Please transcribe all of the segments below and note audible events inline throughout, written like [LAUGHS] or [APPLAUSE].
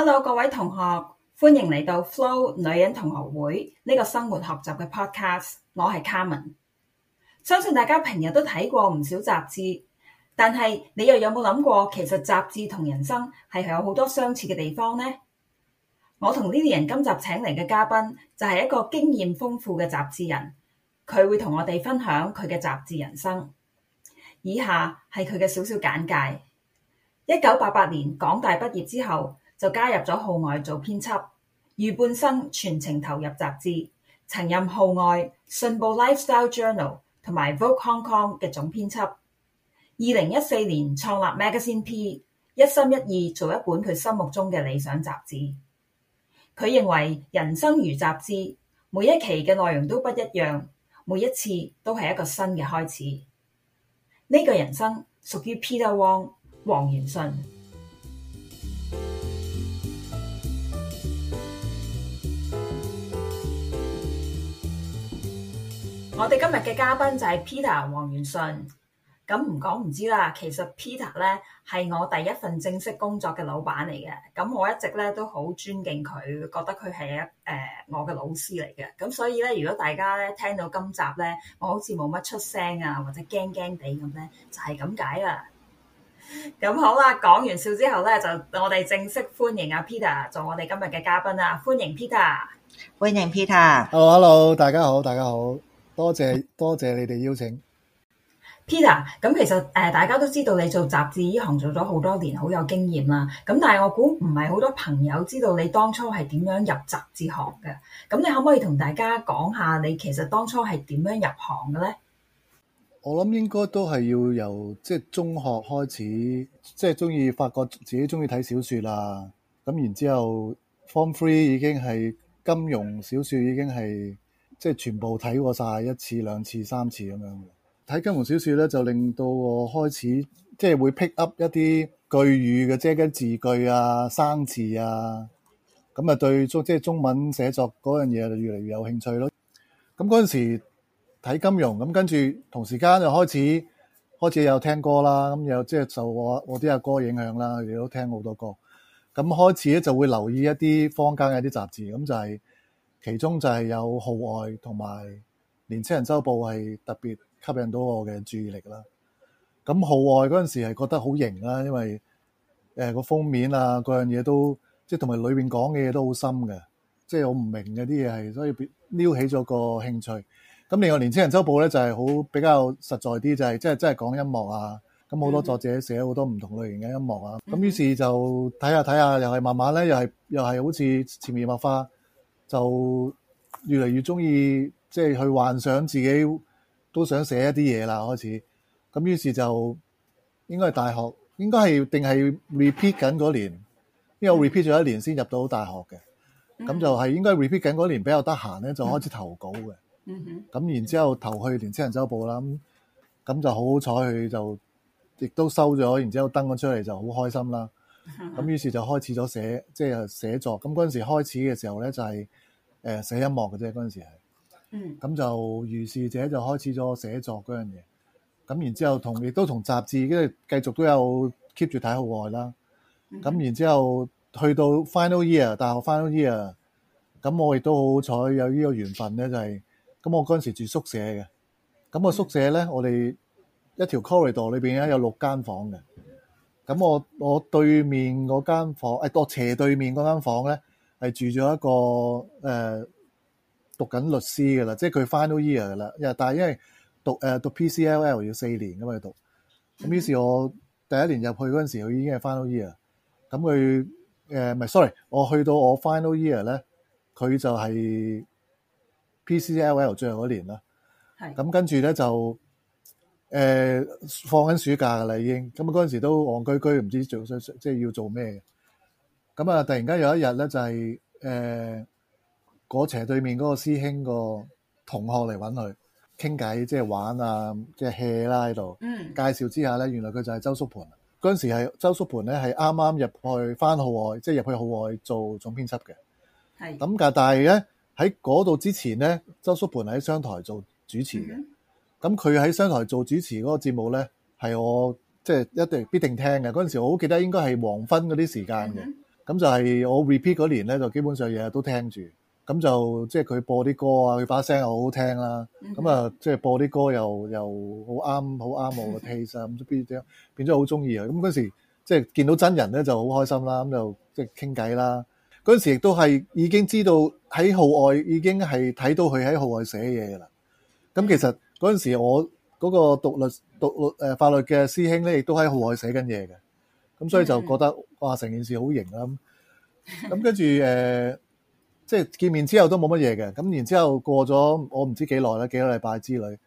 Hello，各位同學，歡迎嚟到 Flo 女人同學會呢個生活學習嘅 podcast。我係 Carmen，相信大家平日都睇過唔少雜誌，但係你又有冇諗過，其實雜誌同人生係有好多相似嘅地方呢？我同呢啲人今集請嚟嘅嘉賓就係一個經驗豐富嘅雜誌人，佢會同我哋分享佢嘅雜誌人生。以下係佢嘅少少簡介：一九八八年港大畢業之後，就加入咗《號外》做編輯，逾半生全情投入雜誌，曾任《號外》、《信報 Lifestyle Journal》同埋《Vogue Hong Kong》嘅總編輯。二零一四年創立《Magazine P》，一心一意做一本佢心目中嘅理想雜誌。佢認為人生如雜誌，每一期嘅內容都不一樣，每一次都係一個新嘅開始。呢、這個人生屬於 Peter Wong 黃源順。我哋今日嘅嘉賓就係 Peter 黃源順。咁唔講唔知啦，其實 Peter 咧，係我第一份正式工作嘅老闆嚟嘅。咁我一直咧都好尊敬佢，覺得佢係一誒我嘅老師嚟嘅。咁所以咧，如果大家咧聽到今集咧，我好似冇乜出聲啊，或者驚驚地咁咧，就係咁解啦。咁好啦，講完笑之後咧，就我哋正式歡迎阿 Peter 做我哋今日嘅嘉賓啦。歡迎 Peter，歡迎 Peter。Hello，Hello，、oh，大家好，大家好。多謝多謝你哋邀請，Peter。咁其實誒，大家都知道你做雜誌呢行做咗好多年，好有經驗啦。咁但係我估唔係好多朋友知道你當初係點樣入雜誌行嘅。咁你可唔可以同大家講下你其實當初係點樣入行嘅咧？我諗應該都係要由即係、就是、中學開始，即係中意發覺自己中意睇小說啦。咁然之後 Form Three 已經係金庸小說，已經係。即係全部睇過晒一次、兩次、三次咁樣。睇金庸小説咧，就令到我開始即係會 pick up 一啲句語嘅，即係啲字句啊、生字啊，咁啊對中即係中文寫作嗰樣嘢，就越嚟越有興趣咯。咁嗰陣時睇金庸，咁跟住同時間又開始開始有聽歌啦，咁又即係受我我啲阿哥影響啦，佢哋都聽好多歌。咁開始咧就會留意一啲坊間嘅一啲雜誌，咁就係。其中就係有《號外》同埋《年青人周報》，係特別吸引到我嘅注意力啦。咁《號外》嗰陣時係覺得好型啦，因為誒個封面啊，各樣嘢都即係同埋裏面講嘅嘢都好深嘅，即係我唔明嘅啲嘢係，所以撩起咗個興趣。咁另外年輕《年青人周報》咧就係好比較實在啲，就係即係即係講音樂啊。咁好多作者寫好多唔同類型嘅音樂啊。咁於是就睇下睇下，又係慢慢咧，又係又係好似潛移默化。就越嚟越中意，即係去幻想自己都想寫一啲嘢啦。開始咁，於是就應該係大學，應該係定係 repeat 緊嗰年，因為我 repeat 咗一年先入到大學嘅。咁、mm -hmm. 就係應該 repeat 緊嗰年比較得閒咧，就開始投稿嘅。咁、mm -hmm. 然之後投去年青人周報啦，咁咁就好好彩，佢就亦都收咗，然之後登咗出嚟，就好開心啦。咁於是就開始咗寫，即係寫作。咁嗰陣時開始嘅時候咧，就係誒寫音樂嘅啫。嗰陣時係，咁就如是者就開始咗寫作嗰樣嘢。咁然之後同亦都同雜誌，跟住繼續都有 keep 住睇《號外》啦。咁然之後去到 final year，大學 final year，咁我亦都好彩有呢個緣分咧，就係咁。咁我嗰陣時住宿舍嘅，咁我宿舍咧，我哋一條 corridor 裏面咧有六間房嘅。咁我我對面嗰間房，誒、哎，我斜對面嗰間房咧，係住咗一個誒、呃，讀緊律師㗎啦，即係佢 final year 噶啦。因為但係因為讀誒、呃、讀 PCLL 要四年㗎嘛，要讀。咁於是，我第一年入去嗰陣時，佢已經係 final year。咁佢誒，唔係，sorry，我去到我 final year 咧，佢就係 PCLL 最後嗰年啦。係。咁跟住咧就。誒、呃、放緊暑假㗎啦，已經咁啊。嗰陣時都戇居居，唔知做即係要做咩嘅。咁啊，突然間有一日咧，就係誒嗰斜對面嗰個師兄、個同學嚟搵佢傾偈，即係玩啊，即係 hea 啦喺度。嗯，介紹之下咧，原來佢就係周叔盤嗰陣時係周叔盤咧，係啱啱入去翻號外，即係入去號外做總編輯嘅。係咁，但係咧喺嗰度之前咧，周叔盤喺商台做主持嘅。咁佢喺商台做主持嗰個節目咧，係我即係一定必定聽嘅。嗰陣時我好記得，應該係黃昏嗰啲時間嘅。咁就係我 repeat 嗰年咧，就基本上日日都聽住。咁就即係佢播啲歌啊，佢把聲又好好聽啦。咁啊，即係播啲歌又又好啱，好啱我個 taste 啊。咁變咗變咗好中意啊。咁嗰時即係見到真人咧就好開心啦。咁就即係傾偈啦。嗰陣時亦都係已經知道喺號外已經係睇到佢喺號外寫嘢噶啦。咁其實。嗰陣時我，我、那、嗰個讀律讀法律嘅師兄咧，亦都喺號外寫緊嘢嘅，咁所以就覺得、mm -hmm. 哇，成件事好型啦！咁跟住誒，即、呃、係、就是、見面之後都冇乜嘢嘅，咁然之後過咗我唔知幾耐啦，幾個禮拜之類，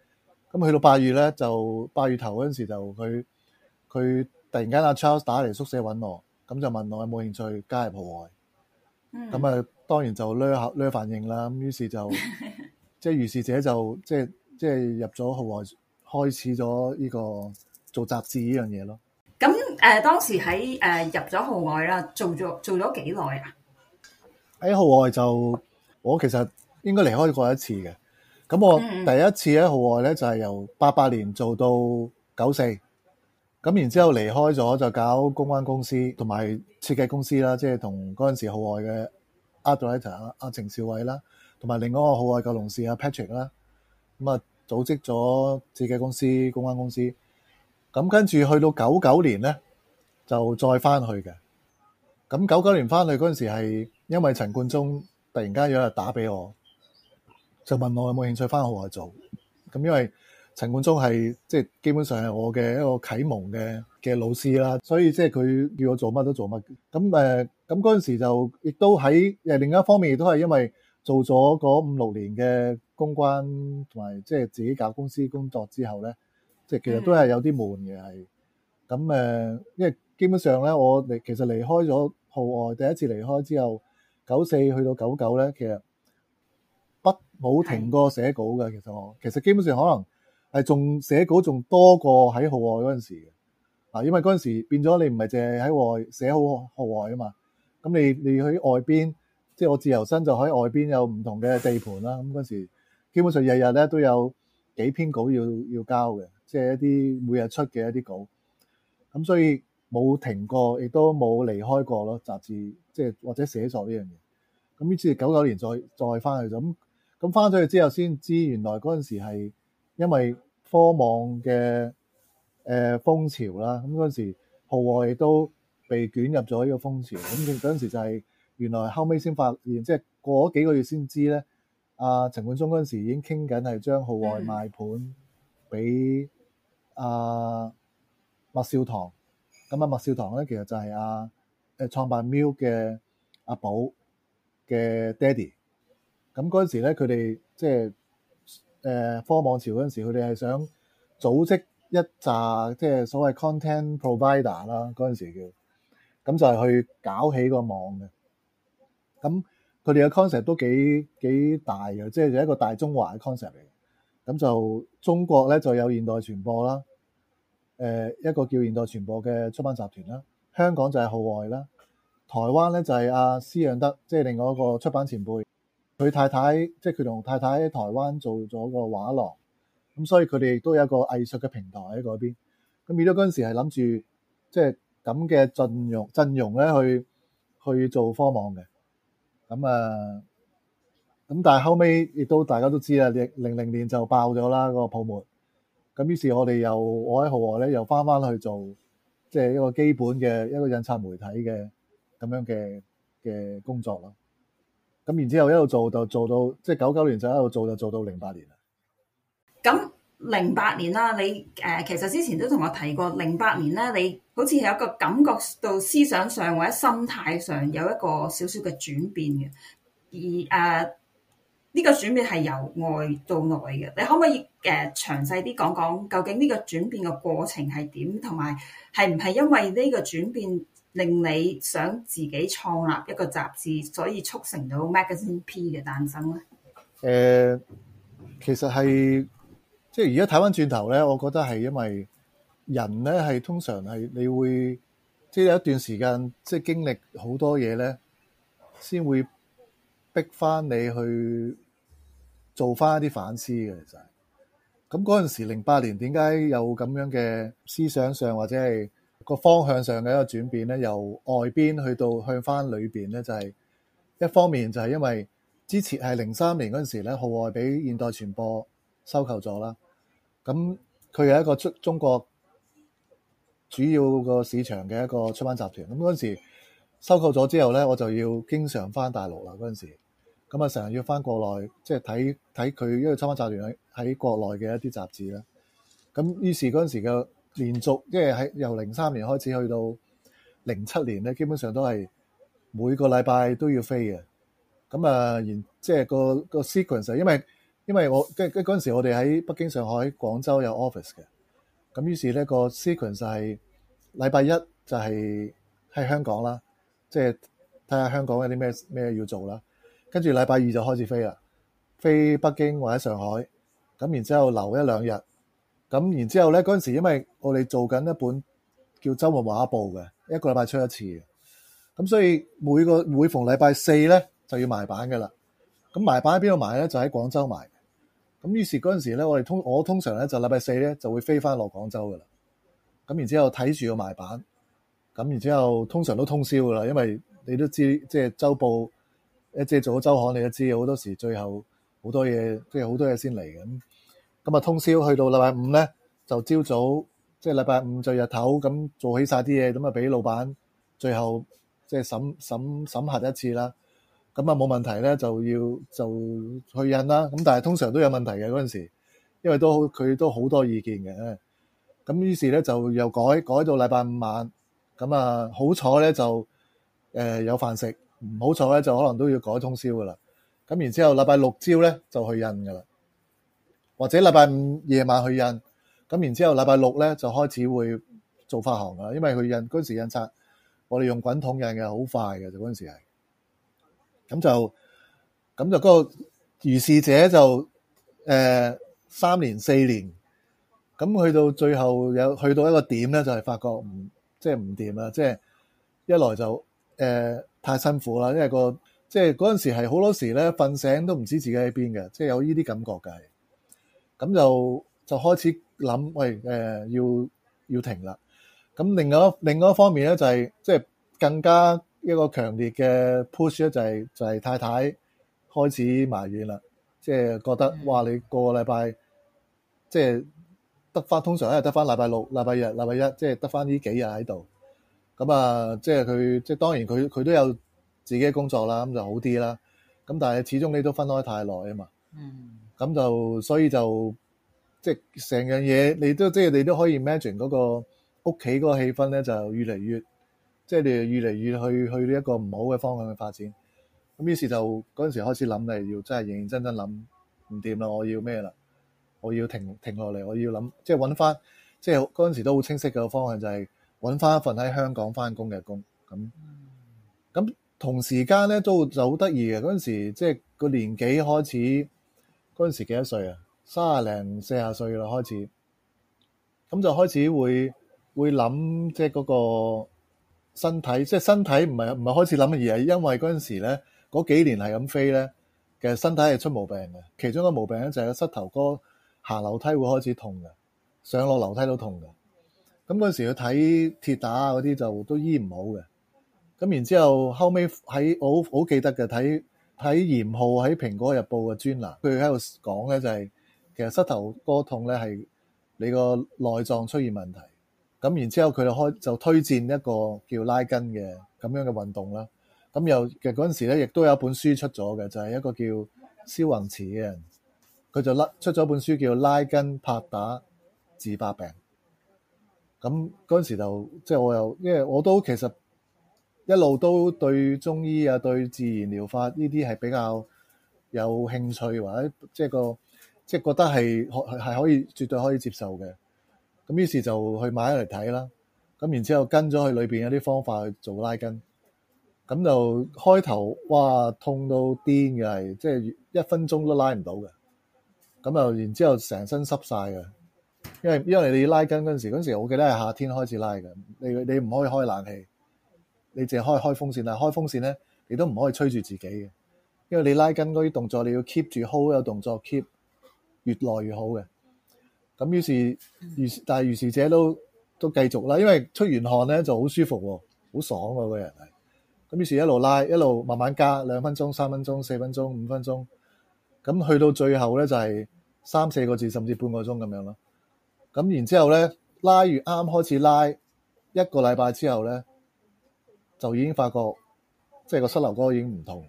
咁去到八月咧，就八月頭嗰陣時就佢佢突然間阿 Charles 打嚟宿舍搵我，咁就問我有冇興趣加入號外？咁、mm、啊 -hmm. 當然就略下略反應啦，咁於是就即係、就是、如是者就即係。就是即係入咗號外，開始咗呢個做雜誌呢樣嘢咯。咁誒當時喺誒入咗號外啦，做咗做咗幾耐啊？喺號外就我其實應該離開過一次嘅。咁我第一次喺號外咧就係由八八年做到九四，咁然之後離開咗就搞公關公司同埋設計公司啦。即係同嗰陣時號外嘅 art director 阿阿程少偉啦，同埋另外一個號外嘅同事阿 Patrick 啦，咁啊。組織咗設計公司、公關公司，咁跟住去到九九年咧，就再翻去嘅。咁九九年翻去嗰陣時係因為陳冠中突然間有一日打俾我，就問我有冇興趣翻去做。咁因為陳冠中係即係基本上係我嘅一個啟蒙嘅嘅老師啦，所以即係佢叫我做乜都做乜。咁誒咁嗰陣時就亦都喺誒另一方面亦都係因為。做咗嗰五六年嘅公關同埋即係自己搞公司工作之後咧，即係其實都係有啲悶嘅係。咁誒，因為基本上咧，我離其實離開咗號外，第一次離開之後，九四去到九九咧，其實不冇停過寫稿嘅。其實我其實基本上可能係仲寫稿仲多過喺號外嗰陣時嘅。啊，因為嗰陣時變咗你唔係淨係喺號外寫好號外啊嘛。咁你你喺外邊。即係我自由身就喺外邊有唔同嘅地盤啦，咁嗰時基本上日日咧都有幾篇稿要要交嘅，即係一啲每日出嘅一啲稿，咁所以冇停過，亦都冇離開過咯。雜誌即係或者寫作呢樣嘢，咁於是九九年再再返去咗，咁咁返咗去之後先知道原來嗰陣時係因為科網嘅誒、呃、風潮啦，咁嗰時號外亦都被捲入咗呢個風潮，咁嗰陣時就係、是。原來後尾先發現，即係過咗幾個月先知咧。阿、呃、陳冠中嗰陣時候已經傾緊係將號外賣盤俾阿麥少棠。咁、嗯、啊，麥少棠咧、嗯、其實就係阿誒創辦 Milk 嘅阿寶嘅 daddy。咁嗰陣時咧，佢哋即係誒科網潮嗰陣時候，佢哋係想組織一紮即係所謂 content provider 啦。嗰陣時叫咁就係、是、去搞起個網嘅。咁佢哋嘅 concept 都幾幾大嘅，即係就一個大中華嘅 concept 嚟。咁就中國咧，就有現代傳播啦。誒，一個叫現代傳播嘅出版集團啦。香港就係號外啦。台灣咧就係阿施養德，即係另外一個出版前輩，佢太太即係佢同太太喺台灣做咗個畫廊，咁所以佢哋亦都有一個藝術嘅平台喺嗰邊，咁亦都嗰陣時係係諗住即係咁嘅陣容陣容咧去去做科網嘅。咁、嗯、啊、咁、嗯、但係後尾亦都大家都知啦，零零年就爆咗啦，個泡沫。咁於是我哋又我喺號外咧，又翻翻去做，即係一個基本嘅一個印刷媒體嘅咁樣嘅嘅工作咯。咁、嗯、然之後一路做就做到，即係九九年就一路做就做到零八年啦。零八年啦，你，誒，其實之前都同我提過，零八年咧，你好似係有一個感覺到思想上或者心態上有一個少少嘅轉變嘅。而誒呢個轉變係由外到內嘅。你可唔可以誒詳細啲講講究竟呢個轉變嘅過程係點，同埋係唔係因為呢個轉變令你想自己創立一個雜誌，所以促成到 Magazine P 嘅誕生咧？誒，其實係。即係而家睇翻轉頭咧，我覺得係因為人咧係通常係你會即係有一段時間，即係經歷好多嘢咧，先會逼翻你去做翻一啲反思嘅。其實咁嗰陣時，零八年點解有咁樣嘅思想上或者係個方向上嘅一個轉變咧？由外邊去到向翻裏邊咧，就係一方面就係因為之前係零三年嗰陣時咧，號外俾現代傳播。收購咗啦，咁佢係一個中中國主要個市場嘅一個出版集團。咁嗰陣時收購咗之後咧，我就要經常翻大陸啦。嗰陣時咁啊，成日要翻國內，即係睇睇佢一個出版集團喺喺國內嘅一啲雜誌啦。咁於是嗰陣時嘅連續，即係喺由零三年開始去到零七年咧，基本上都係每個禮拜都要飛嘅。咁啊，然即係個個 sequence，因為因為我跟跟嗰陣時，我哋喺北京、上海、廣州有 office 嘅，咁於是呢個 sequence 就係禮拜一就係喺香港啦，即係睇下香港有啲咩咩要做啦，跟住禮拜二就開始飛啦，飛北京或者上海，咁然之後留一兩日，咁然之後咧嗰陣時，因為我哋做緊一本叫周末畫報嘅，一個禮拜出一次，咁所以每個每逢禮拜四咧就要埋版噶啦，咁埋版喺邊度埋咧？就喺廣州埋。咁於是嗰陣時咧，我哋通我通常咧就禮拜四咧就會飛翻落廣州噶啦。咁然之後睇住個賣板，咁然之後，後通常都通宵噶啦，因為你都知即係周報，即係做咗周刊，你都知好多時最後好多嘢即係好多嘢先嚟嘅。咁咁啊通宵去到禮拜五咧，就朝早即係禮拜五就日頭咁做起晒啲嘢，咁啊俾老闆最後即係審審審審核一次啦。咁啊冇問題咧，就要就去印啦。咁但係通常都有問題嘅嗰陣時，因為都佢都好多意見嘅。咁於是咧就又改改到禮拜五晚。咁啊好彩咧就誒有飯食，唔好彩咧就可能都要改通宵噶啦。咁然之後禮拜六朝咧就去印噶啦，或者禮拜五夜晚去印。咁然之後禮拜六咧就開始會做發行噶啦，因為去印嗰陣時印刷，我哋用滾筒印嘅，好快嘅就嗰陣時係。咁就咁就嗰個如是者就誒三年四年，咁去到最後有去到一個點咧，就係發覺唔即係唔掂啦，即係一來就誒太辛苦啦，因為個即係嗰陣時係好多時咧瞓醒都唔知自己喺邊嘅，即係有呢啲感覺㗎。咁就就開始諗，喂誒要要停啦。咁另外另外一方面咧，就係即係更加。一個強烈嘅 push 就係就係太太開始埋怨啦，即係覺得哇，你個個禮拜即係得翻通常係得翻禮拜六、禮拜日、禮拜一，即係得翻呢幾日喺度。咁啊，即係佢即係當然佢佢都有自己嘅工作啦，咁就好啲啦。咁但係始終你都分開太耐啊嘛，咁就所以就即係成樣嘢，你都即係你都可以 imagine 嗰個屋企嗰個氣氛咧，就越嚟越。即係你越嚟越去去呢一個唔好嘅方向去發展，咁於是就嗰陣時開始諗，你要真係認認真真諗唔掂啦，我要咩啦？我要停停落嚟，我要諗，即係揾翻，即係嗰陣時都好清晰嘅方向，就係揾翻一份喺香港翻工嘅工。咁咁同時間咧都就好得意嘅，嗰陣時即係個年紀開始，嗰陣時幾多歲啊？三十零四十歲啦開始，咁就開始會會諗，即係嗰個。身體即係身體唔係，唔係開始諗嘅，而係因為嗰陣時咧，嗰幾年係咁飛咧，其實身體係出毛病嘅。其中一個毛病咧就係個膝頭哥，行樓梯會開始痛嘅，上落樓梯都痛嘅。咁陣時去睇跌打啊啲就都醫唔好嘅，咁然之後後尾喺我好記得嘅，睇睇嚴浩喺蘋果日報嘅專欄，佢喺度講咧就係、是、其實膝頭哥痛咧，係你個內臟出現問題咁然之後佢就開就推薦一個叫拉筋嘅咁樣嘅運動啦。咁又其實嗰陣時咧，亦都有一本書出咗嘅，就係一個叫蕭宏慈嘅人，佢就出咗一本書叫拉筋拍打治百病。咁嗰陣時就即係我又因為我都其實一路都對中醫啊、對自然療法呢啲係比較有興趣或者即係個即係覺得係可係可以絕對可以接受嘅。咁於是就去買嚟睇啦，咁然之後跟咗佢裏面有啲方法去做拉筋，咁就開頭哇痛到癲嘅，即係一分鐘都拉唔到嘅。咁啊，然之後成身濕晒嘅，因為因為你拉筋嗰陣時，嗰陣時我記得係夏天開始拉嘅，你你唔可以開冷氣，你淨係可以開風扇，但開風扇咧，你都唔可以吹住自己嘅，因為你拉筋嗰啲動作你要 keep 住 hold 有動作 keep 越耐越好嘅。咁於是，但於是者都都繼續啦，因為出完汗咧就好舒服喎、啊，好爽喎、啊，個人係。咁於是，一路拉，一路慢慢加，兩分鐘、三分鐘、四分鐘、五分鐘，咁去到最後咧就係、是、三、四個字，甚至半個鐘咁樣咯。咁然之後咧，拉完啱開始拉一個禮拜之後咧，就已經發覺即係、就是、個膝頭哥已經唔痛。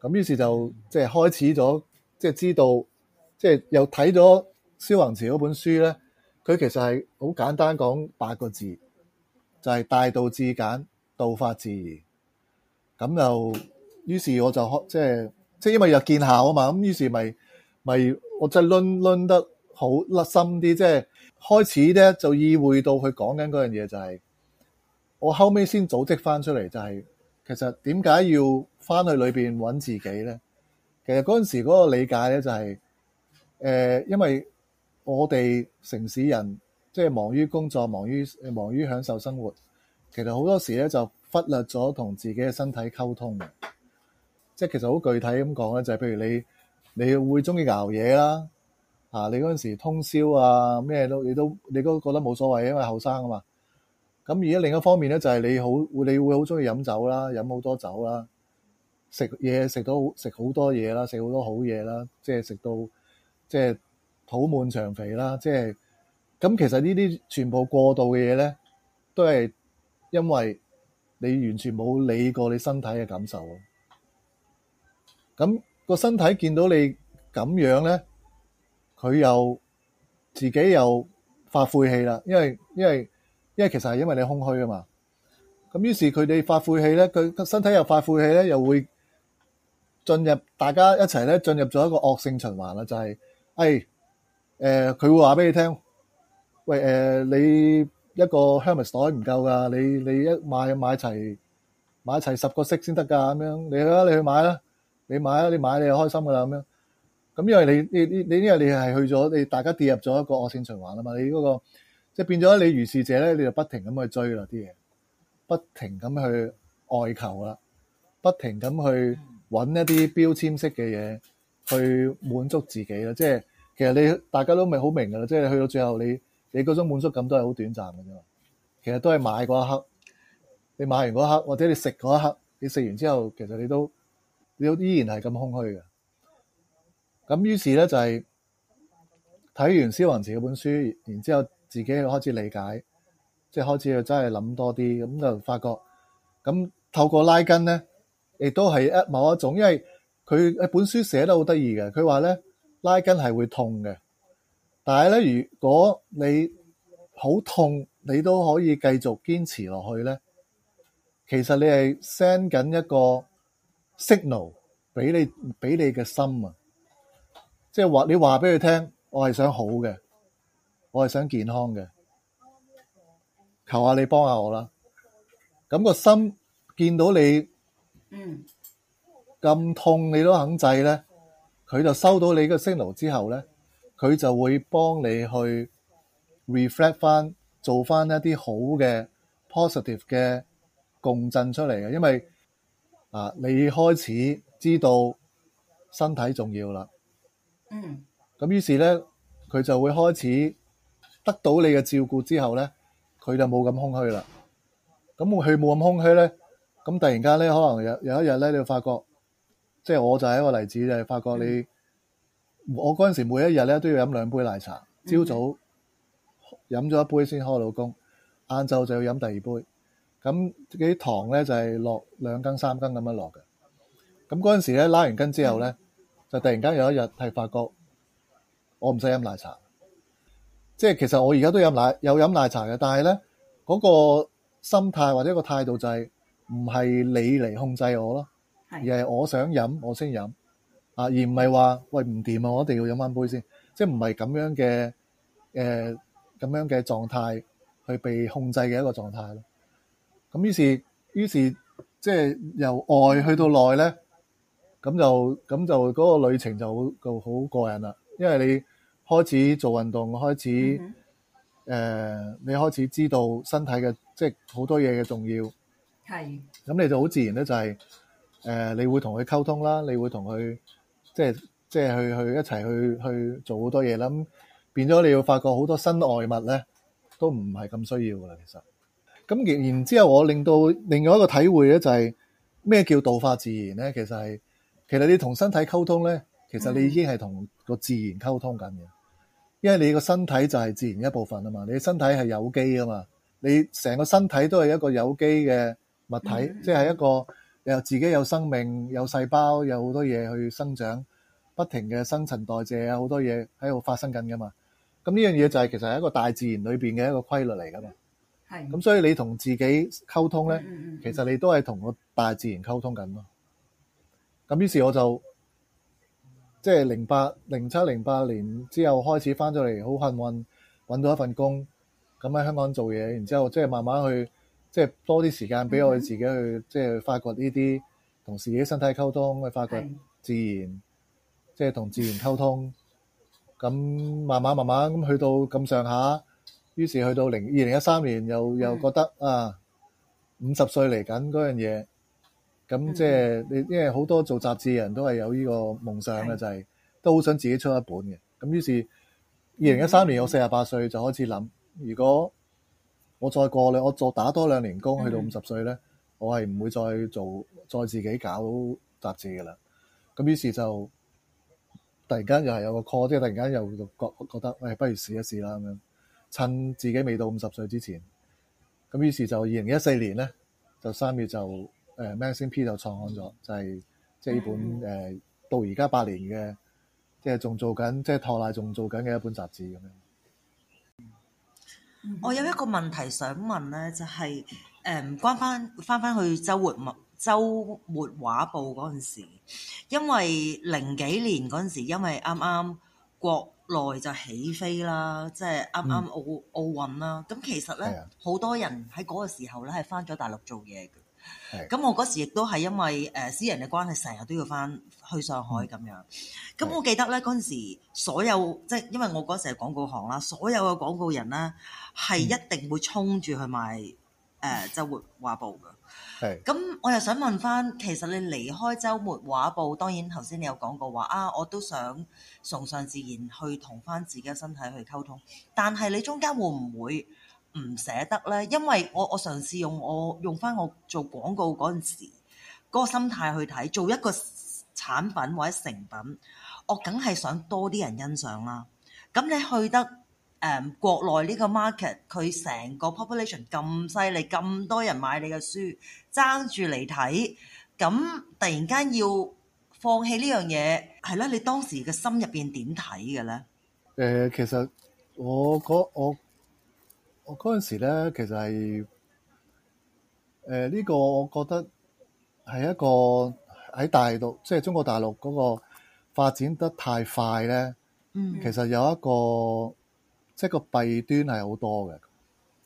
咁於是就即係、就是、開始咗，即、就、係、是、知道，即、就、係、是、又睇咗。蕭宏慈嗰本書咧，佢其實係好簡單講八個字，就係、是、大道至簡，道法自然。咁就於是我就即係即係，因為又見效啊嘛。咁於是咪咪，我即係 learn learn 得好深啲，即、就、係、是、開始咧就意會到佢講緊嗰樣嘢就係、是、我後尾先組織翻出嚟就係其實點解要翻去裏面揾自己咧？其實嗰陣時嗰個理解咧就係、是、誒、呃，因為。我哋城市人即係忙於工作，忙於忙於享受生活，其實好多時咧就忽略咗同自己嘅身體溝通。即係其實好具體咁講咧，就係譬如你你會中意熬夜啦，啊你嗰陣時通宵啊咩都你都你都覺得冇所謂，因為後生啊嘛。咁而家另一方面咧，就係你好你會好中意飲酒啦，飲好多酒啦，食嘢食到食好多嘢啦，食好多好嘢啦，即係食到即係。肚滿腸肥啦，即係咁。其實呢啲全部過度嘅嘢咧，都係因為你完全冇理過你身體嘅感受啊。咁個身體見到你咁樣咧，佢又自己又發晦氣啦，因為因為因為其實係因為你空虛啊嘛。咁於是佢哋發晦氣咧，佢身體又發晦氣咧，又會進入大家一齊咧進入咗一個惡性循環啦，就係誒。誒、呃，佢會話俾你聽，喂，誒、呃，你一個 Hermes 袋唔夠噶，你你一買買齊買齊十個色先得噶，咁樣你去啦，你去買啦，你買啦，你買你又開心噶啦，咁樣咁，因為你你你呢日你係去咗，你大家跌入咗一個惡性循環啊嘛，你嗰、那個即係、就是、變咗你如是者咧，你就不停咁去追啦啲嘢，不停咁去外求啦，不停咁去揾一啲標籤式嘅嘢去滿足自己啦，即係。其實你大家都未好明噶啦，即係去到最後你，你你嗰種滿足感都係好短暫㗎啫。其實都係買嗰一刻，你買完嗰一刻，或者你食嗰一刻，你食完之後，其實你都你都依然係咁空虛嘅。咁於是咧就係睇完《蕭宏慈》嗰本書，然之後自己開始理解，即係開始又真係諗多啲，咁就發覺咁透過拉筋咧，亦都係一某一種，因為佢本書寫得好得意嘅，佢話咧。拉筋係會痛嘅，但係咧，如果你好痛，你都可以繼續堅持落去咧。其實你係 send 緊一個 signal 俾你俾你嘅心啊，即係話你話俾佢聽，我係想好嘅，我係想健康嘅，求下你幫下我啦。咁個心見到你咁痛，你都肯制咧。佢就收到你個 signal 之後咧，佢就會幫你去 reflect 翻，做翻一啲好嘅 positive 嘅共振出嚟嘅。因為啊，你開始知道身體重要啦。嗯。咁於是咧，佢就會開始得到你嘅照顧之後咧，佢就冇咁空虛啦。咁佢冇咁空虛咧，咁突然間咧，可能有有一日咧，你會發覺。即係我就係一個例子，就係發覺你我嗰陣時每一日咧都要飲兩杯奶茶。朝早飲咗一杯先開工，晏晝就要飲第二杯。咁啲糖咧就係落兩羹三羹咁樣落嘅。咁嗰陣時咧，拉完筋之後咧，就突然間有一日係發覺我唔使飲奶茶。即係其實我而家都飲奶有飲奶茶嘅，但係咧嗰個心態或者個態度就係唔係你嚟控制我咯。是而係我想飲，我先飲啊！而唔係話喂唔掂啊，我一定要飲翻杯先，即係唔係咁樣嘅誒咁樣嘅狀態去被控制嘅一個狀態咯。咁於是於是即係、即係、由外去到內咧，咁就咁就嗰個旅程就好就好過癮啦。因為你開始做運動，開始誒、嗯呃、你開始知道身體嘅即係好多嘢嘅重要，係咁你就好自然咧、就係，就係。誒，你會同佢溝通啦，你會同佢即係即係去去一齊去去做好多嘢啦，咁變咗你要發覺好多身外物咧，都唔係咁需要噶啦。其實咁然然之後，我令到另外一個體會咧、就是，就係咩叫道法自然咧？其實係其實你同身體溝通咧，其實你已經係同個自然溝通緊嘅，因為你個身體就係自然一部分啊嘛。你身體係有機啊嘛，你成個身體都係一個有機嘅物體，嗯、即係一個。又自己有生命，有細胞，有好多嘢去生長，不停嘅新陳代謝啊，好多嘢喺度發生緊噶嘛。咁呢樣嘢就係其實係一個大自然裏邊嘅一個規律嚟噶嘛。係咁，所以你同自己溝通呢，其實你都係同個大自然溝通緊咯。咁於是我就即係零八零七零八年之後開始返咗嚟，好幸運揾到一份工，咁喺香港做嘢，然之後即係慢慢去。即、就、係、是、多啲時間俾我自己去，即、mm、係 -hmm. 發掘呢啲同自己身體溝通，去發掘自然，即係同自然溝通。咁慢慢慢慢咁去到咁上下，於是去到零二零一三年又，又又覺得、mm -hmm. 啊五十歲嚟緊嗰樣嘢，咁即係你，mm -hmm. 因為好多做雜誌嘅人都係有呢個夢想嘅，mm -hmm. 就係都好想自己出一本嘅。咁於是二零一三年我四十八歲就開始諗，如果我再過兩，我再打多兩年工，去到五十歲咧，我係唔會再做，再自己搞雜誌嘅啦。咁於是就突然間又係有個 call，即係突然間又覺得，哎、不如試一試啦咁樣趁自己未到五十歲之前，咁於是就二零一四年咧，就三月就、呃、Magazine P 就創刊咗，就係即係呢本誒、嗯、到而家八年嘅，即係仲做緊，即係托賴仲做緊嘅一本雜誌咁樣。我有一個問題想問呢，就係誒，唔關返返返去周末周末畫報陣時，因為零幾年陣時，因為啱啱國內就起飛啦，即係啱啱奧奧運啦，咁其實呢好多人喺個時候呢係返咗大陸做嘢嘅。咁我嗰時亦都係因為誒、呃、私人嘅關係，成日都要翻去上海咁樣。咁、嗯、我記得呢嗰陣時，所因為我那時是告行，所有即係因為我嗰時係廣告行啦，所有嘅廣告人呢係一定會衝住去買誒、嗯呃、周末畫報噶。係咁，我又想問翻，其實你離開周末畫報，當然頭先你有講過話啊，我都想崇尚自然去同翻自己嘅身體去溝通，但係你中間會唔會？唔捨得呢，因為我我嘗試用我用翻我做廣告嗰陣時嗰個心態去睇，做一個產品或者成品，我梗係想多啲人欣賞啦。咁你去得誒國內呢個 market，佢成個 population 咁犀利，咁多人買你嘅書，爭住嚟睇，咁突然間要放棄呢樣嘢，係啦，你當時嘅心入邊點睇嘅呢？誒，其實我我。我嗰陣時咧，其實係誒呢個，我覺得係一個喺大陸，即係中國大陸嗰個發展得太快咧。嗯、mm -hmm.，其實有一個即係個弊端係好多嘅。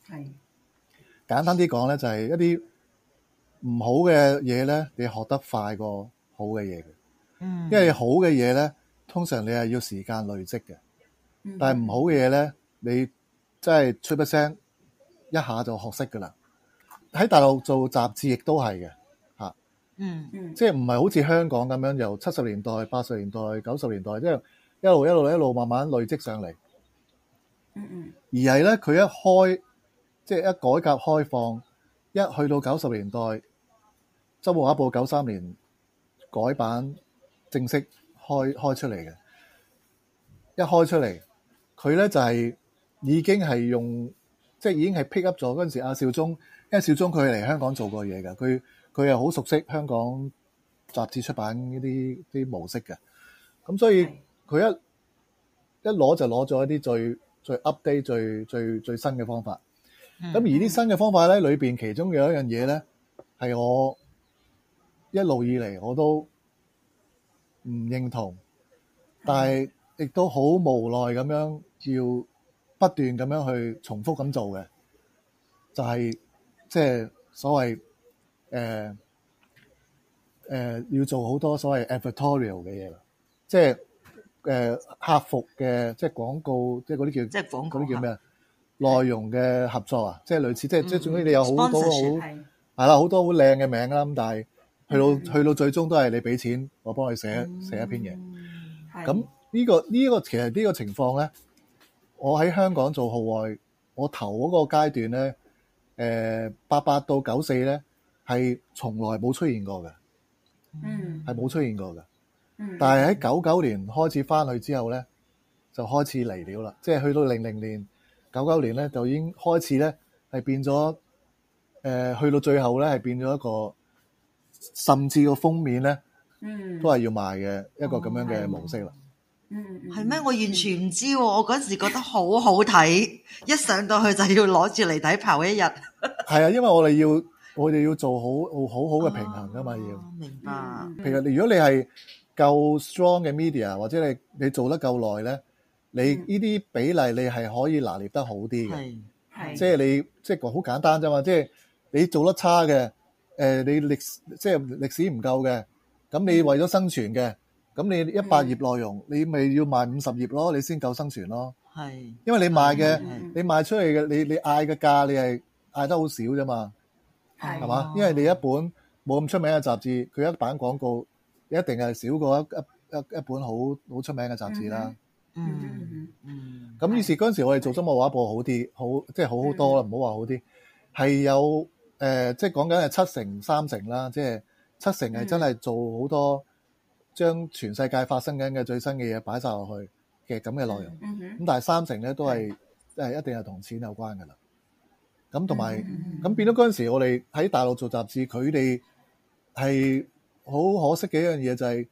係簡單啲講咧，就係一啲唔好嘅嘢咧，你學得快過好嘅嘢。嗯、mm -hmm.，因為好嘅嘢咧，通常你係要時間累積嘅。Mm -hmm. 但係唔好嘅嘢咧，你。即係吹一下就學識噶啦，喺大陸做雜誌亦都係嘅吓。嗯，即係唔係好似香港咁樣由七十年代、八十年代、九十年代，即係一路一路一路慢慢累積上嚟，而係呢，佢一開即係一改革開放，一去到九十年代，《周末畫報九三年改版正式開開出嚟嘅，一開出嚟佢呢就係。已經係用，即係已經係 pick up 咗嗰陣時。阿、啊、少忠，因為少忠佢嚟香港做過嘢嘅，佢佢又好熟悉香港雜誌出版呢啲啲模式嘅。咁所以佢一一攞就攞咗一啲最最 update 最、最最最新嘅方法。咁而啲新嘅方法咧，裏面其中有一樣嘢咧，係我一路以嚟我都唔認同，但係亦都好無奈咁樣要。不斷咁樣去重複咁做嘅，就係、是、即係所謂誒誒、呃呃，要做好多所謂 editorial 嘅嘢啦，即係誒、呃、客服嘅，即係廣告，即係嗰啲叫嗰啲叫咩啊？內容嘅合作啊，即係類似，即係、嗯、即係總之你有好多好係啦，好多好靚嘅名啦，但係去到、嗯、去到最終都係你俾錢，我幫你寫、嗯、寫一篇嘢。咁呢、呢個呢、呢個其實呢個情況咧。我喺香港做號外，我頭嗰個階段咧，誒八八到九四咧，係從來冇出現過嘅，嗯，係冇出現過嘅，嗯。但係喺九九年開始返去之後咧，就開始嚟料啦，即係去到零零年、九九年咧，就已經開始咧係變咗，誒、呃、去到最後咧係變咗一個，甚至個封面咧，嗯、mm.，都係要賣嘅一個咁樣嘅模式啦。嗯，係咩？我完全唔知喎。我嗰陣時覺得好好睇，一上到去就要攞住嚟，抵刨一日。係 [LAUGHS] 啊，因為我哋要，我哋要做好好，好好嘅平衡噶嘛、啊，要。明白。其實如，如果你係夠 strong 嘅 media，或者你你做得夠耐咧，你呢啲比例你係可以拿捏得好啲嘅。係。即係你即係好簡單咋嘛？即係你做得差嘅，誒，你歷史即係歷史唔夠嘅，咁你為咗生存嘅。咁你一百頁內容，你咪要賣五十頁咯，你先夠生存咯。係，因為你賣嘅，是的是的你賣出嚟嘅，你你嗌嘅價，你係嗌得好少啫嘛。係，係嘛？因為你一本冇咁出名嘅雜誌，佢一版廣告一定係少過一一一一本好好出名嘅雜誌啦。嗯嗯，咁於是嗰陣時，我哋做周末畫報好啲，好,、即係好,好呃、即係好好多啦。唔好話好啲，係有即係講緊係七成三成啦，即、就、係、是、七成係真係做好多。是的是的將全世界發生緊嘅最新嘅嘢擺晒落去嘅咁嘅內容，咁、mm -hmm. 但係三成咧都係、mm -hmm. 一定係同錢有關噶啦。咁同埋咁變到嗰陣時，我哋喺大陸做雜誌，佢哋係好可惜嘅一樣嘢、就係，就係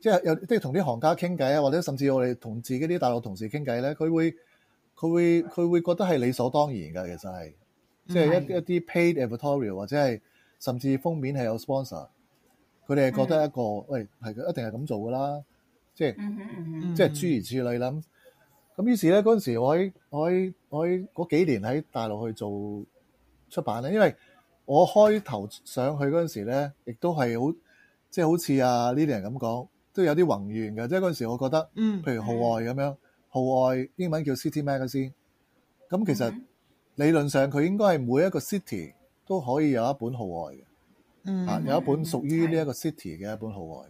即係有即係同啲行家傾偈啊，或者甚至我哋同自己啲大陸同事傾偈咧，佢會佢會佢會覺得係理所當然㗎。其實係即係一啲一啲 paid editorial 或者係甚至封面係有 sponsor。佢哋覺得一個喂，係佢一定係咁做噶啦，即係即係諸如此類啦。咁、嗯、於是咧，陣時候我喺我喺我喺嗰幾年喺大陸去做出版咧，因為我開頭上去陣時咧，亦都係、就是、好即係好似啊 Lily 咁講都有啲宏願嘅。即係陣時候我覺得，嗯，譬如號外這樣《號外》咁樣《號外》英文叫 City Magazine。咁其實理論上佢應該係每一個 city 都可以有一本號外的《號外》嘅。嗯，有一本屬於呢一個 city 嘅一本號外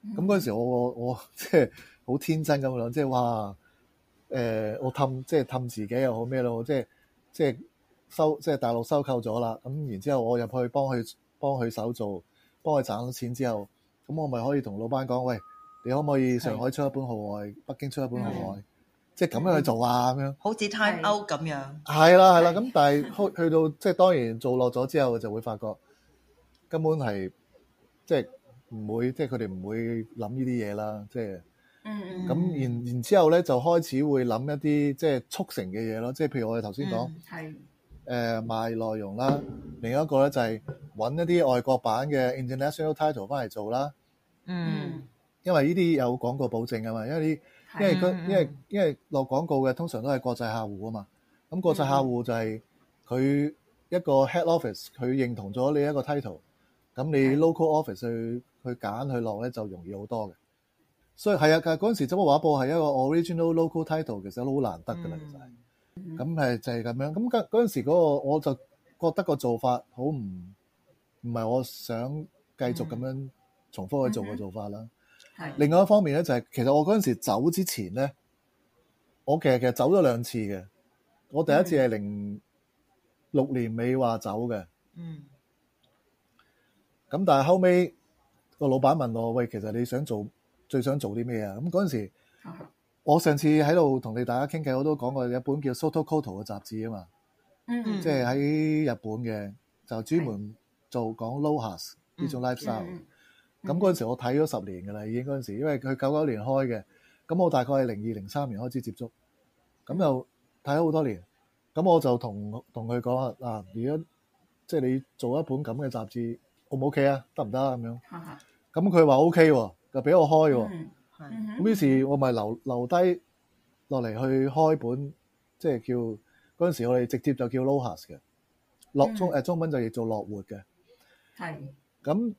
，mm -hmm.，咁嗰時候我我我即係好天真咁樣，呃，即係哇誒我氹即係氹自己又好咩咯，即係即係收即係大陸收購咗啦，咁然之後我入去幫佢幫佢手做，幫佢賺咗錢之後，咁我咪可以同老闆講，喂你可唔可以上海出一本號外，北京出一本號外，即係咁樣去做啊？咁樣好似 time out 咁樣係啦係啦，咁但係去到即係當然做落咗之後，就會發覺。根本係即係唔會，即係佢哋唔會諗呢啲嘢啦。即係咁，mm -hmm. 然然之後咧就開始會諗一啲即係促成嘅嘢咯。即係譬如我哋頭先講，係誒 mm -hmm. 呃賣內容啦。另一個咧就係揾一啲外國版嘅 international title 翻嚟做啦。嗯 mm -hmm.，因為呢啲有廣告保證啊嘛，因為啲 mm -hmm. 因為佢因為因為落廣告嘅通常都係國際客戶啊嘛。咁國際客戶就係佢 mm -hmm. 一個 head office 佢認同咗你一個 title。咁你 local office 去去揀去落咧就容易好多嘅，所以係啊，但係嗰陣時《周末畫報》係一個 original local title，其實都好難得㗎啦，其實係。咁係就係、是、咁樣。咁嗰陣時嗰、嗰個，我就覺得個做法好唔唔係我想繼續咁樣重複去做個做法啦、嗯嗯。另外一方面咧，就係、是、其實我嗰陣時走之前咧，我其實其實走咗兩次嘅。我第一次係零六年尾話走嘅。嗯。咁但係後尾個老闆問我：喂，其實你想做最想做啲咩啊？咁嗰陣時我上次喺度同你大家傾偈，我都講過有本叫《Sotokoto》嘅雜誌啊嘛，即係喺日本嘅，就專門做講 Lohas 呢種 lifestyle。咁嗰陣時我睇咗十年㗎啦，已經嗰陣時因為佢九九年開嘅，咁我大概係零二零三年開始接觸，咁又睇咗好多年。咁我就同同佢講啊，啊，而家即係你做一本咁嘅雜誌。好唔好？K 啊，得唔得？咁樣，咁佢話 OK 喎、啊，就俾我開喎、啊。咁、mm -hmm. 於是我，我咪留留低落嚟去開本，即係叫嗰陣時，我哋直接就叫 Lohas 嘅落中文中叫就做樂活嘅。係、mm、咁 -hmm.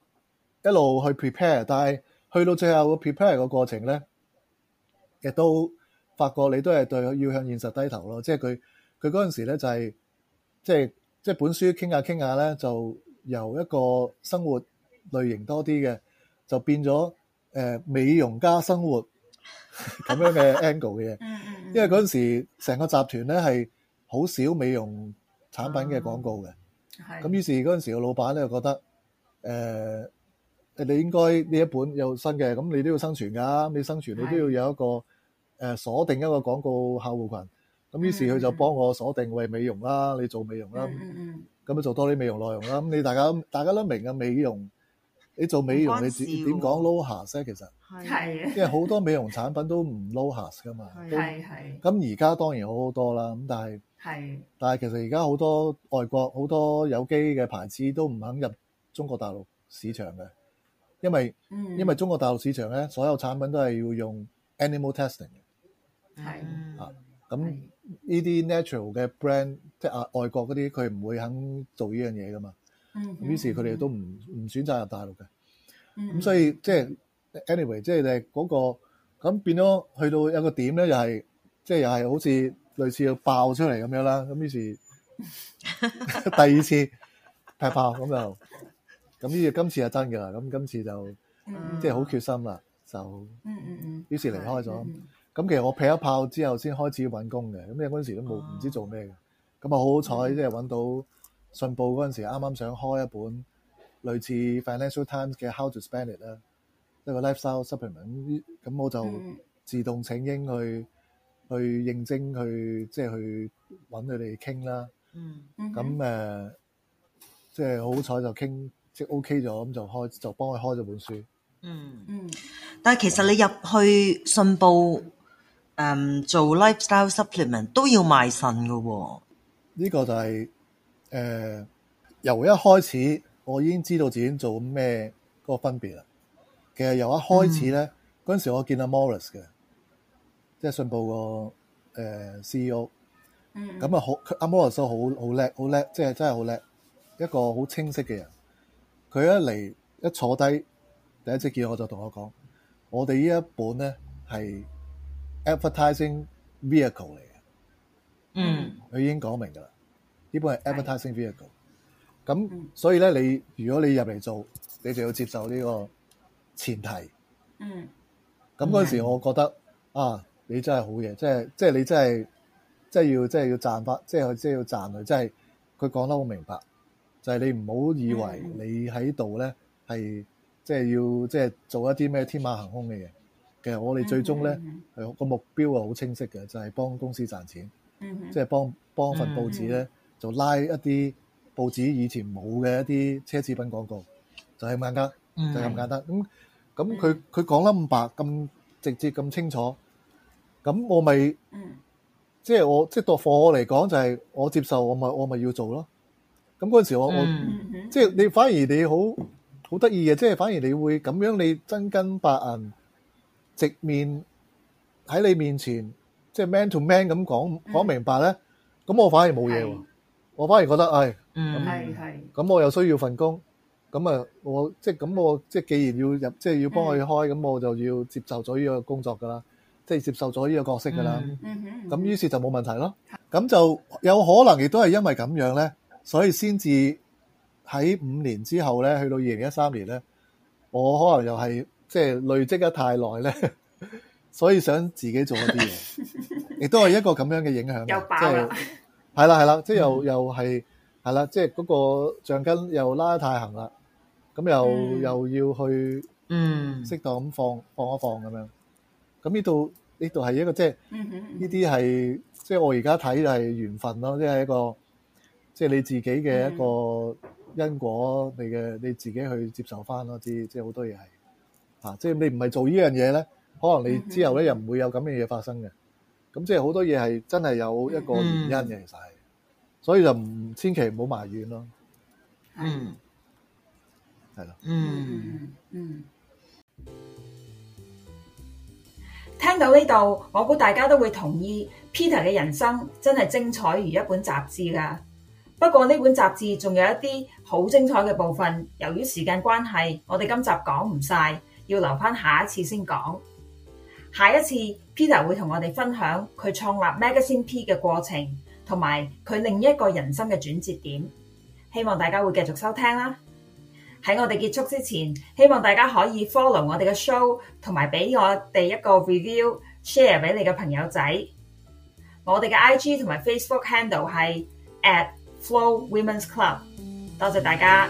一路去 prepare，但係去到最後 prepare 個過程咧，亦都發覺你都係對要向現實低頭咯。即係佢佢嗰陣時咧、就係，就係即係即係本書傾下傾下咧就。由一個生活類型多啲嘅，就變咗誒美容加生活咁 [LAUGHS] 樣嘅 angle 嘅嘢。因為嗰陣時成個集團呢係好少美容產品嘅廣告嘅。係。咁於是嗰陣時個老闆呢就覺得誒、uh -huh. 呃，你應該呢一本有新嘅，咁你都要生存㗎。你生存你都要有一個誒、uh -huh. 呃、鎖定一個廣告客戶群。」咁於是佢就幫我鎖定為美容啦，uh -huh. 你做美容啦。Uh -huh. 咁樣做多啲美容內容啦，咁你大家大家都明嘅美容，你做美容你點點講 LOHAS 咧？其實，係，因為好多美容產品都唔 LOHAS 噶嘛，係係。咁而家當然好好多啦，咁但係，係，但係其實而家好多外國好多有機嘅牌子都唔肯入中國大陸市場嘅，因為，嗯，因為中國大陸市場咧，所有產品都係要用 animal testing 嘅，係，啊，咁。呢啲 natural 嘅 brand，即係啊外國嗰啲，佢唔會肯做呢樣嘢噶嘛。嗯、mm -hmm.。於是佢哋都唔唔選擇入大陸嘅。咁、mm -hmm. 所以即係 anyway，即係你嗰個咁變咗去到有個點咧，又係即係又係好似類似要爆出嚟咁樣啦。咁於是 [LAUGHS] [LAUGHS] 第二次劈炮，咁就咁，於是今次係真噶啦。咁今次就、mm -hmm. 即係好決心啦，就嗯於、mm -hmm. 是離開咗。Mm -hmm. 咁其實我劈一炮之後先開始揾工嘅，咁，因為嗰陣時都冇唔知做咩嘅咁啊，好好彩即係揾到信報嗰陣時，啱啱想開一本類似 Financial Times 嘅《How to Spend It》啦，一個 lifestyle supplement。咁我就自動請英去、嗯、去應徵，去即係、就是、去揾佢哋傾啦。咁、嗯、誒，即係好彩就傾即係 OK 咗，咁就開就幫佢開咗本書。嗯嗯，但係其實你入去信報。誒、um，做 lifestyle supplement 都要賣腎噶、哦？呢、這個就係、是、誒、呃，由一開始我已經知道自己做咩、那個分別啦。其實由一開始咧，嗰、嗯、陣時我見阿 Morris 嘅，即係信報個誒 CEO，咁啊好阿 Morris 好好叻，好叻，即係真係好叻，一個好清晰嘅人。佢一嚟一坐低，第一次見我就同我講：我哋呢一本咧係 Advertising vehicle 嚟嘅，嗯，佢已經講明㗎啦。呢本係 advertising vehicle，咁所以咧，你如果你入嚟做，你就要接受呢個前提。嗯，咁嗰陣時，我覺得、mm. 啊，你真係好嘢，即係即係你真係即係要即係要賺翻，即係即係要賺佢，即係佢講得好明白，就係、是、你唔好以為你喺度咧係即係要即係做一啲咩天馬行空嘅嘢。其實我哋最終咧，個目標係好清晰嘅，就係幫公司賺錢，即係幫幫份報紙咧，就拉一啲報紙以前冇嘅一啲奢侈品廣告，就係咁簡單，就係咁簡單。咁咁佢佢講得咁白咁直接咁清楚，咁我咪即係我即係 for 我嚟講就係我接受，我咪我咪要做咯。咁嗰陣時我我即係你反而你好好得意嘅，即係反而你會咁樣你真金白銀。直面喺你面前，即係 man to man 咁講講明白呢，咁我反而冇嘢喎，我反而覺得，哎，咁，咁我又需要份工，咁啊，我即係咁，我即係既然要入，即係要幫佢開，咁我就要接受咗呢個工作㗎喇，即係接受咗呢個角色㗎喇，咁於是就冇問題咯。咁就有可能亦都係因為咁樣呢，所以先至喺五年之後呢，去到二零一三年呢，我可能又係。即、就、係、是、累積得太耐咧， [LAUGHS] 所以想自己做一啲嘢，亦 [LAUGHS] 都係一個咁樣嘅影響。又爆啦、就是，係啦係啦，即係、就是、又、嗯、又係係啦，即係嗰個橡筋又拉得太行啦，咁又、嗯、又要去嗯適當咁放放一放咁樣。咁呢度呢度係一個即係呢啲係即係我而家睇係緣分咯，即、就、係、是、一個即係、就是、你自己嘅一個因果，你嘅你自己去接受翻咯，啲即係好多嘢係。啊！即係你唔係做呢樣嘢咧，可能你之後咧又唔會有咁嘅嘢發生嘅。咁即係好多嘢係真係有一個原因嘅，其實係，所以就唔千祈唔好埋怨咯。嗯，係咯。嗯嗯。聽到呢度，我估大家都會同意 Peter 嘅人生真係精彩如一本雜誌噶。不過呢本雜誌仲有一啲好精彩嘅部分，由於時間關係，我哋今集講唔晒。要留翻下一次先講，下一次 Peter 會同我哋分享佢創立 Magazine P 嘅過程，同埋佢另一個人生嘅轉折點。希望大家會繼續收聽啦。喺我哋結束之前，希望大家可以 follow 我哋嘅 show，同埋俾我哋一個 review，share 俾你嘅朋友仔。我哋嘅 IG 同埋 Facebook handle 係 at Flow Women's Club。多謝大家。